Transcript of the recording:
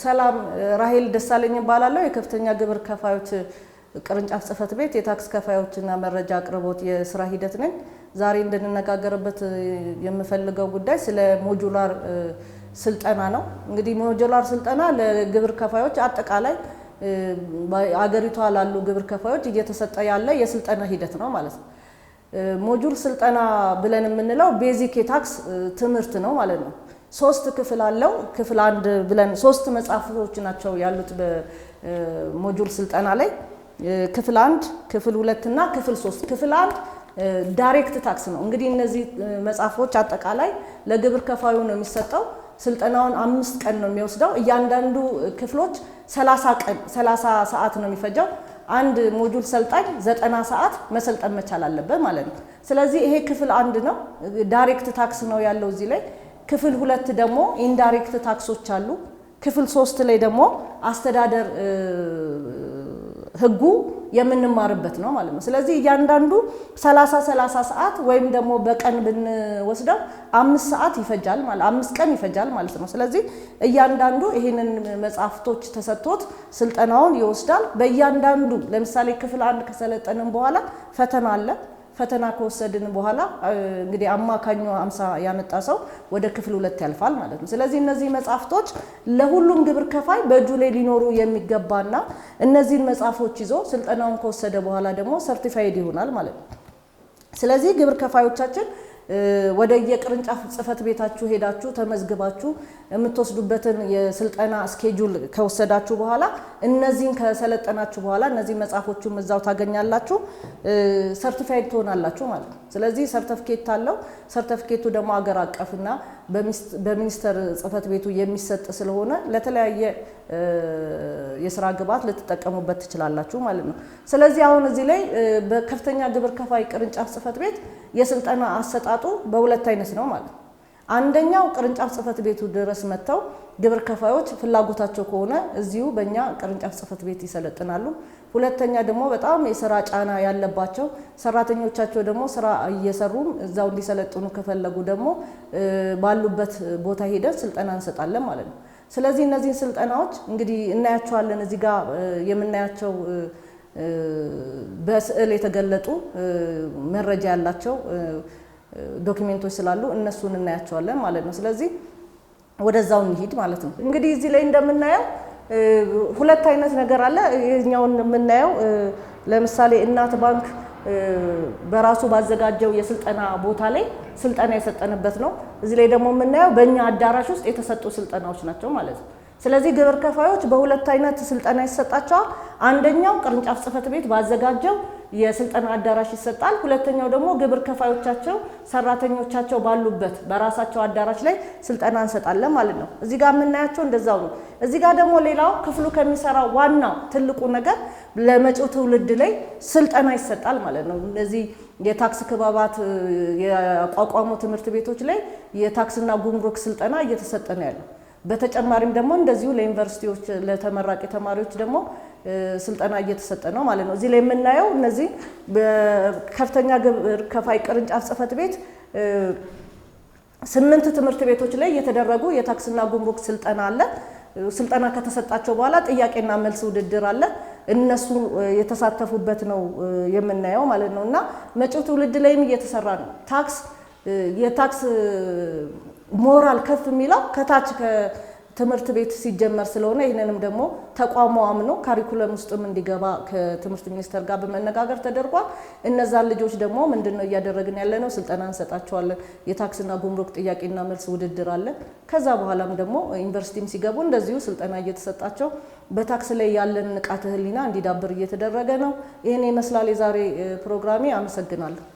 ሰላም ራሄል ደሳለኝ እባላለሁ። የከፍተኛ ግብር ከፋዮች ቅርንጫፍ ጽህፈት ቤት የታክስ ከፋዮችና መረጃ አቅርቦት የስራ ሂደት ነኝ። ዛሬ እንድንነጋገርበት የምፈልገው ጉዳይ ስለ ሞጁላር ስልጠና ነው። እንግዲህ ሞጁላር ስልጠና ለግብር ከፋዮች አጠቃላይ አገሪቷ ላሉ ግብር ከፋዮች እየተሰጠ ያለ የስልጠና ሂደት ነው ማለት ነው። ሞጁል ስልጠና ብለን የምንለው ቤዚክ የታክስ ትምህርት ነው ማለት ነው። ሶስት ክፍል አለው። ክፍል አንድ ብለን ሶስት መጽሐፎች ናቸው ያሉት በሞጁል ስልጠና ላይ ክፍል አንድ፣ ክፍል ሁለት እና ክፍል ሶስት። ክፍል አንድ ዳይሬክት ታክስ ነው። እንግዲህ እነዚህ መጽሐፎች አጠቃላይ ለግብር ከፋዩ ነው የሚሰጠው። ስልጠናውን አምስት ቀን ነው የሚወስደው። እያንዳንዱ ክፍሎች ሰላሳ ቀን ሰላሳ ሰዓት ነው የሚፈጀው። አንድ ሞጁል ሰልጣኝ ዘጠና ሰዓት መሰልጠን መቻል አለበት ማለት ነው። ስለዚህ ይሄ ክፍል አንድ ነው። ዳይሬክት ታክስ ነው ያለው እዚህ ላይ ክፍል ሁለት ደግሞ ኢንዳይሬክት ታክሶች አሉ። ክፍል ሶስት ላይ ደግሞ አስተዳደር ህጉ የምንማርበት ነው ማለት ነው። ስለዚህ እያንዳንዱ 30 30 ሰዓት ወይም ደግሞ በቀን ብንወስደው አምስት ሰዓት ይፈጃል ማለት አምስት ቀን ይፈጃል ማለት ነው። ስለዚህ እያንዳንዱ ይህንን መጽሐፍቶች ተሰጥቶት ስልጠናውን ይወስዳል። በእያንዳንዱ ለምሳሌ ክፍል አንድ ከሰለጠንም በኋላ ፈተና አለ። ፈተና ከወሰድን በኋላ እንግዲህ አማካኙ አምሳ ያመጣ ሰው ወደ ክፍል ሁለት ያልፋል ማለት ነው። ስለዚህ እነዚህ መጽሐፍቶች ለሁሉም ግብር ከፋይ በእጁ ላይ ሊኖሩ የሚገባና እነዚህን መጽሐፎች ይዞ ስልጠናውን ከወሰደ በኋላ ደግሞ ሰርቲፋይድ ይሆናል ማለት ነው። ስለዚህ ግብር ከፋዮቻችን ወደ የቅርንጫፍ ጽህፈት ቤታችሁ ሄዳችሁ ተመዝግባችሁ የምትወስዱበትን የስልጠና እስኬጁል ከወሰዳችሁ በኋላ እነዚህን ከሰለጠናችሁ በኋላ እነዚህ መጽሐፎቹም እዛው ታገኛላችሁ፣ ሰርቲፋይድ ትሆናላችሁ ማለት ነው። ስለዚህ ሰርተፍኬት አለው። ሰርተፍኬቱ ደግሞ አገር አቀፍና በሚኒስቴር ጽህፈት ቤቱ የሚሰጥ ስለሆነ ለተለያየ የስራ ግብዓት ልትጠቀሙበት ትችላላችሁ ማለት ነው። ስለዚህ አሁን እዚህ ላይ በከፍተኛ ግብር ከፋይ ቅርንጫፍ ጽህፈት ቤት የስልጠና አሰጣጡ በሁለት አይነት ነው ማለት ነው። አንደኛው ቅርንጫፍ ጽህፈት ቤቱ ድረስ መጥተው ግብር ከፋዮች ፍላጎታቸው ከሆነ እዚሁ በእኛ ቅርንጫፍ ጽህፈት ቤት ይሰለጥናሉ። ሁለተኛ ደግሞ በጣም የስራ ጫና ያለባቸው ሰራተኞቻቸው ደግሞ ስራ እየሰሩም እዛው እንዲሰለጥኑ ከፈለጉ ደግሞ ባሉበት ቦታ ሄደን ስልጠና እንሰጣለን ማለት ነው። ስለዚህ እነዚህን ስልጠናዎች እንግዲህ እናያቸዋለን። እዚህ ጋር የምናያቸው በስዕል የተገለጡ መረጃ ያላቸው ዶክሜንቶች ስላሉ እነሱን እናያቸዋለን ማለት ነው። ስለዚህ ወደዛው እንሂድ ማለት ነው። እንግዲህ እዚህ ላይ እንደምናየው ሁለት አይነት ነገር አለ። ይህኛውን የምናየው ለምሳሌ እናት ባንክ በራሱ ባዘጋጀው የስልጠና ቦታ ላይ ስልጠና የሰጠንበት ነው። እዚህ ላይ ደግሞ የምናየው በእኛ አዳራሽ ውስጥ የተሰጡ ስልጠናዎች ናቸው ማለት ነው። ስለዚህ ግብር ከፋዮች በሁለት አይነት ስልጠና ይሰጣቸዋል። አንደኛው ቅርንጫፍ ጽህፈት ቤት ባዘጋጀው የስልጠና አዳራሽ ይሰጣል። ሁለተኛው ደግሞ ግብር ከፋዮቻቸው ሰራተኞቻቸው ባሉበት በራሳቸው አዳራሽ ላይ ስልጠና እንሰጣለን ማለት ነው። እዚህ ጋር የምናያቸው እንደዛው ነው። እዚህ ጋር ደግሞ ሌላው ክፍሉ ከሚሰራ ዋናው ትልቁ ነገር ለመጪው ትውልድ ላይ ስልጠና ይሰጣል ማለት ነው። እነዚህ የታክስ ክበባት የቋቋሙ ትምህርት ቤቶች ላይ የታክስና ጉምሩክ ስልጠና እየተሰጠ ነው ያለው። በተጨማሪም ደግሞ እንደዚሁ ለዩኒቨርሲቲዎች ለተመራቂ ተማሪዎች ደግሞ ስልጠና እየተሰጠ ነው ማለት ነው። እዚህ ላይ የምናየው እነዚህ ከፍተኛ ግብር ከፋይ ቅርንጫፍ ጽህፈት ቤት ስምንት ትምህርት ቤቶች ላይ የተደረጉ የታክስና ጉምሩክ ስልጠና አለ። ስልጠና ከተሰጣቸው በኋላ ጥያቄና መልስ ውድድር አለ። እነሱ የተሳተፉበት ነው የምናየው ማለት ነው። እና መጪው ትውልድ ላይም እየተሰራ ነው። ታክስ የታክስ ሞራል ከፍ የሚለው ከታች ትምህርት ቤት ሲጀመር ስለሆነ ይህንንም ደግሞ ተቋሙ አምኖ ካሪኩለም ውስጥም እንዲገባ ከትምህርት ሚኒስቴር ጋር በመነጋገር ተደርጓል። እነዛን ልጆች ደግሞ ምንድን ነው እያደረግን ያለ ነው? ስልጠና እንሰጣቸዋለን። የታክስና ጉምሩክ ጥያቄና መልስ ውድድር አለን። ከዛ በኋላም ደግሞ ዩኒቨርሲቲም ሲገቡ እንደዚሁ ስልጠና እየተሰጣቸው በታክስ ላይ ያለን ንቃተ ህሊና እንዲዳብር እየተደረገ ነው። ይህን ይመስላል የዛሬ ፕሮግራሜ። አመሰግናለሁ።